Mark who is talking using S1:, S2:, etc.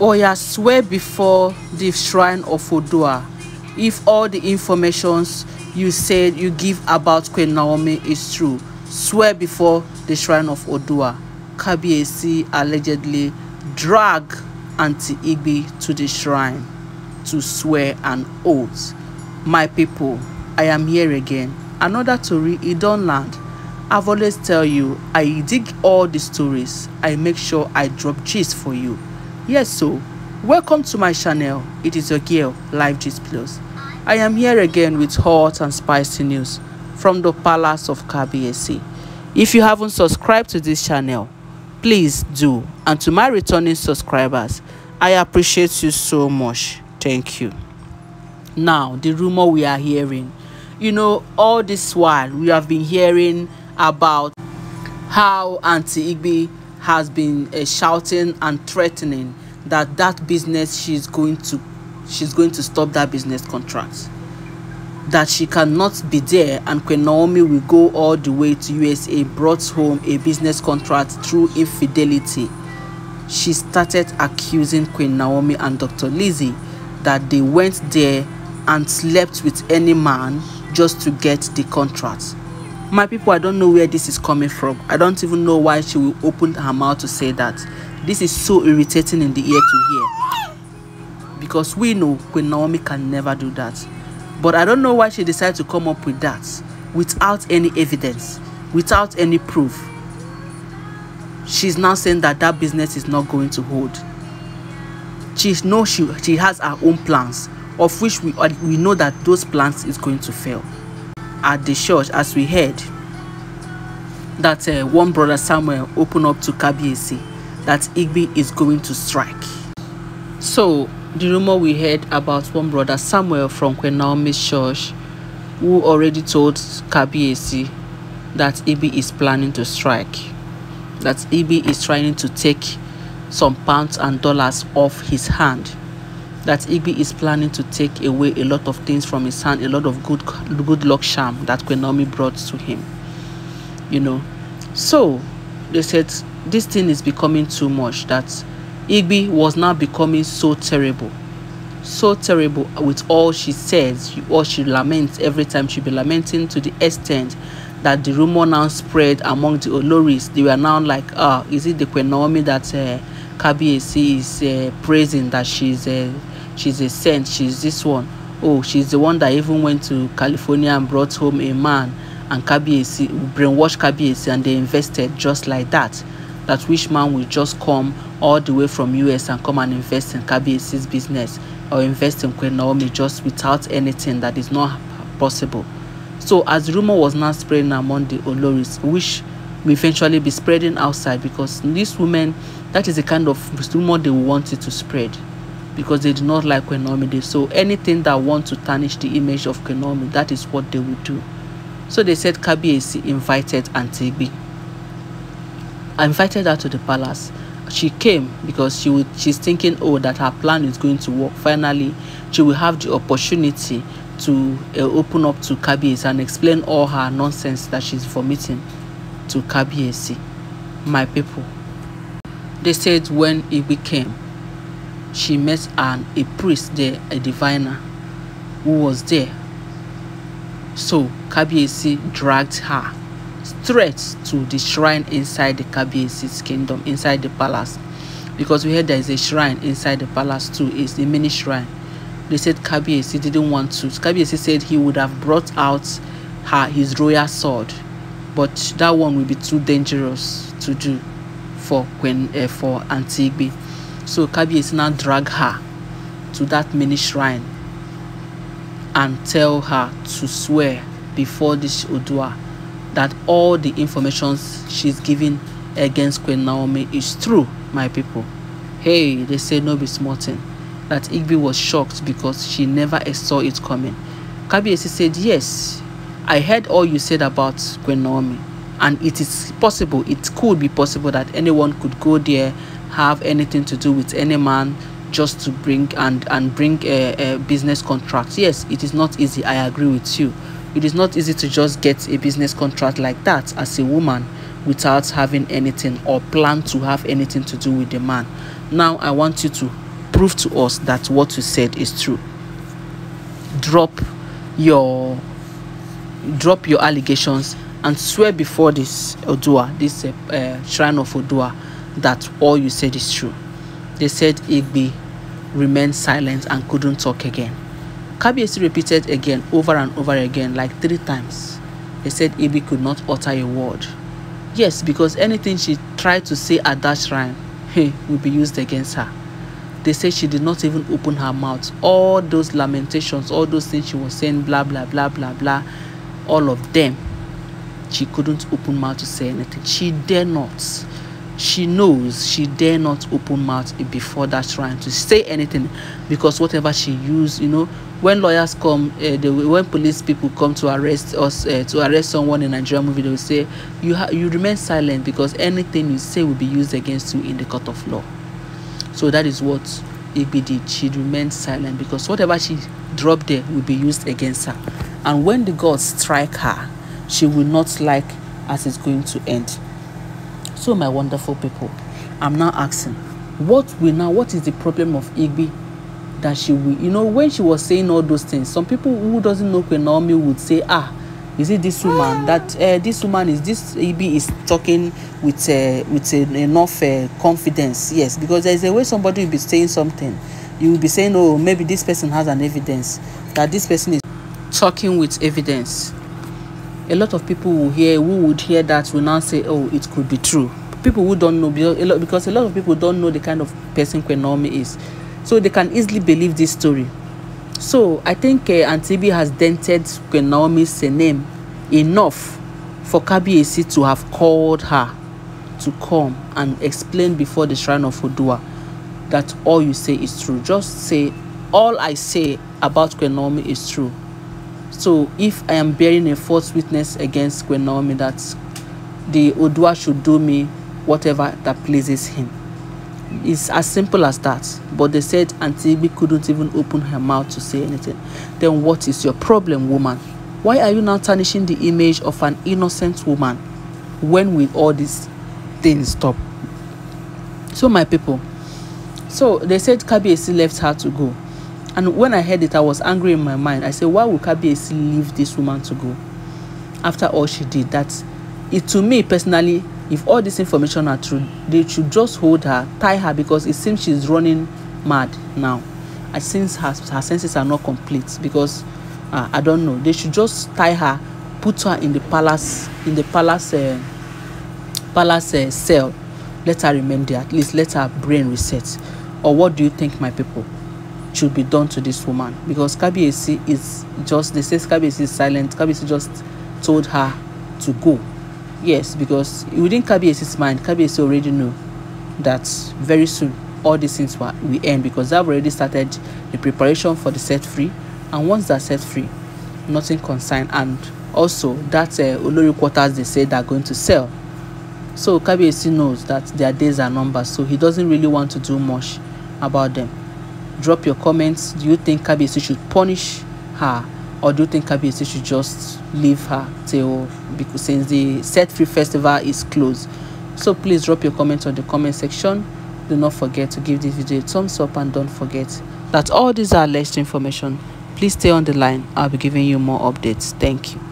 S1: Oya swear before the shrine of Odua. if all the informations you said you give about Queen Naomi is true. Swear before the shrine of Oodua. Kabiyesi allegedly drag Aunty Igbe to the shrine to swear an oath. My people, I am here again. Another tori e don land. I've always tell you, I dig all the stories. I make sure I drop gist for you. Yes, so welcome to my channel. It is your girl, Life Gist Plus. I am here again with hot and spicy news from the palace of KBSC. If you haven't subscribed to this channel, please do. And to my returning subscribers, I appreciate you so much. Thank you. Now, the rumor we are hearing. You know, all this while we have been hearing about how Auntie Igby has been uh, shouting and threatening that that business she's going to she's going to stop that business contract that she cannot be there and Queen Naomi will go all the way to USA brought home a business contract through infidelity she started accusing Queen Naomi and Dr. Lizzie that they went there and slept with any man just to get the contract my people i don't know where this is coming from i don't even know why she will open her mouth to say that this is so irritating in the ear to hear. Because we know Queen Naomi can never do that. But I don't know why she decided to come up with that without any evidence, without any proof. She's now saying that that business is not going to hold. She knows she, she has her own plans, of which we, uh, we know that those plans is going to fail. At the church, as we heard, that uh, one brother Samuel opened up to Kabiesi that Igby is going to strike. So, the rumor we heard about one brother Samuel from Queen Naomi's church who already told Kabiesi that Igby is planning to strike, that Igby is trying to take some pounds and dollars off his hand that Igby is planning to take away a lot of things from his hand, a lot of good good luck charm that Kwenomi brought to him. You know. So they said this thing is becoming too much that Igby was now becoming so terrible. So terrible with all she says, all she laments every time she be lamenting to the extent that the rumor now spread among the Oloris. They were now like, ah, is it the Queen Naomi that uh, is uh, praising that she's a, uh, she's a saint, she's this one. Oh, she's the one that even went to California and brought home a man and Kabiesi, brainwashed Kabiesi and they invested just like that that which man will just come all the way from US and come and invest in KBAC's business or invest in Queen Naomi just without anything that is not possible. So as rumor was now spreading among the Oloris, which will eventually be spreading outside because these women, that is the kind of rumor they wanted to spread because they do not like Kwenomi. So anything that wants to tarnish the image of Kwenomi, that is what they will do. So they said Kabiesi invited Antigbi I invited her to the palace. She came because she would, she's thinking, oh, that her plan is going to work. Finally, she will have the opportunity to uh, open up to Kabiesi and explain all her nonsense that she's vomiting to Kabiesi. My people. They said when he came, she met an, a priest there, a diviner, who was there. So Kabiesi dragged her threats to the shrine inside the Kabiesi's kingdom, inside the palace. Because we heard there is a shrine inside the palace too, it's the mini shrine. They said Kabiesi didn't want to. Kabiesi said he would have brought out her, his royal sword, but that one will be too dangerous to do for Queen, uh, for Antigbe. So Kabiesi now drag her to that mini shrine and tell her to swear before this Odua that all the information she's giving against Queen Naomi is true, my people. Hey, they say no be small thing. That Igby was shocked because she never saw it coming. Kabiesi said, yes, I heard all you said about Queen Naomi and it is possible, it could be possible that anyone could go there, have anything to do with any man just to bring and, and bring a, a business contract. Yes, it is not easy. I agree with you. It is not easy to just get a business contract like that as a woman without having anything or plan to have anything to do with the man. Now I want you to prove to us that what you said is true. Drop your drop your allegations and swear before this Odua, this uh, uh, shrine of Odua, that all you said is true. They said Igbe remained silent and couldn't talk again. Kabiyesi repeated again over and over again like three times. He said Ibi could not utter a word. Yes, because anything she tried to say at that shrine hey, would be used against her. They said she did not even open her mouth. All those lamentations, all those things she was saying, blah, blah, blah, blah, blah, all of them, she couldn't open mouth to say anything. She dare not she knows she dare not open mouth before that trial to say anything because whatever she used you know when lawyers come uh, they, when police people come to arrest us uh, to arrest someone in nigeria movie they will say you you remain silent because anything you say will be used against you in the court of law so that is what igbe did she remained silent because whatever she dropped there will be used against her and when the gods strike her she will not like as it's going to end So, my wonderful people, I'm now asking, what we now, what is the problem of Igbe? that she will, you know, when she was saying all those things, some people who doesn't know Queen Naomi would say, ah, is it this woman that uh, this woman is this Igbe is talking with uh, with uh, enough uh, confidence? Yes, because there is a way somebody will be saying something. You will be saying, oh, maybe this person has an evidence that this person is talking with evidence a lot of people will hear who would hear that will now say oh it could be true people who don't know because a lot of people don't know the kind of person Kwenomi is so they can easily believe this story so i think uh, antibi has dented Kwenomi's name enough for kabiesi to have called her to come and explain before the shrine of Odua that all you say is true just say all i say about Kwenomi is true so if I am bearing a false witness against Queen Naomi that the Odua should do me whatever that pleases him. It's as simple as that. But they said Antigbe couldn't even open her mouth to say anything. Then what is your problem, woman? Why are you now tarnishing the image of an innocent woman? When will all these things stop? So my people, so they said Kabi still left her to go. And when I heard it, I was angry in my mind. I said, Why would KBAC leave this woman to go after all she did? That it to me personally, if all this information are true, they should just hold her, tie her because it seems she's running mad now. I since her, her senses are not complete because uh, I don't know. They should just tie her, put her in the palace, in the palace, uh, palace uh, cell. Let her remain there. At least let her brain reset. Or what do you think, my people? should be done to this woman because Kabiesi is just they say Kabiesi is silent. Kabiesi just told her to go. Yes, because within Kabiesi's mind, Kabiesi already knew that very soon all these things will end because they've already started the preparation for the set free, and once they're set free, nothing consigned. And also that uh, Olori quarters they say they're going to sell. So Kabiesi knows that their days are numbered, so he doesn't really want to do much about them drop your comments do you think KBC should punish her or do you think KBC should just leave her till because since the set free festival is closed so please drop your comments on the comment section do not forget to give this video a thumbs up and don't forget that all these are alleged information please stay on the line i'll be giving you more updates thank you